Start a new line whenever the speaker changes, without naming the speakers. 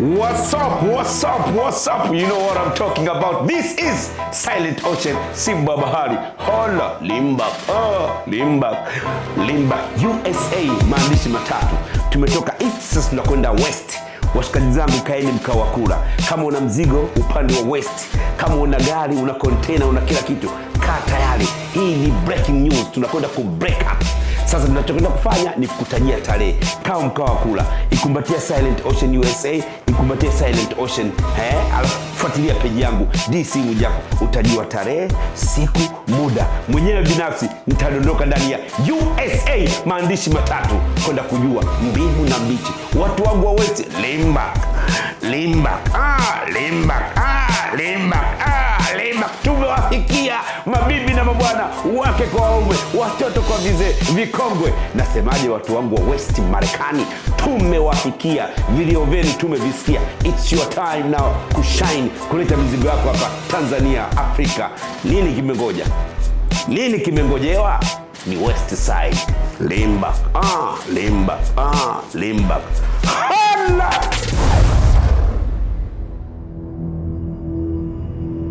What's up? What's up? What's up? You know what I'm talking about. This is Silent Ocean Simba Bahari. Hola Limba. Oh, Limba. Limba. USA maandishi matatu. Tumetoka east sasa tunakwenda west. Washikaji zangu kaeni mkawakula. Kama una mzigo upande wa west, kama una gari, una container, una kila kitu, kaa tayari. Hii ni breaking news, tunakwenda ku break up. Sasa tunachokwenda kufanya ni kukutajia tarehe. Kaa mkawakula. Ikumbatia Silent Ocean USA kukupatia Silent Ocean fuatilia peji yangu DC jako utajua tarehe, siku, muda. Mwenyewe binafsi nitadondoka ndani ya USA maandishi matatu kwenda kujua mbivu na mbichi. Watu wangu waweti limba limba ah, limba ah, limba ah, limba tumewa Bwana, wake kwa waume, watoto kwa vizee, vikongwe. Nasemaje watu wangu wa West Marekani, tumewafikia. Vilio vyenu tumevisikia. It's your time now kushine, kuleta mizigo yako hapa Tanzania, Afrika. Nini kimengoja? Nini kimengojewa? Ni West Side. Limba ah, limba ah, limba ha!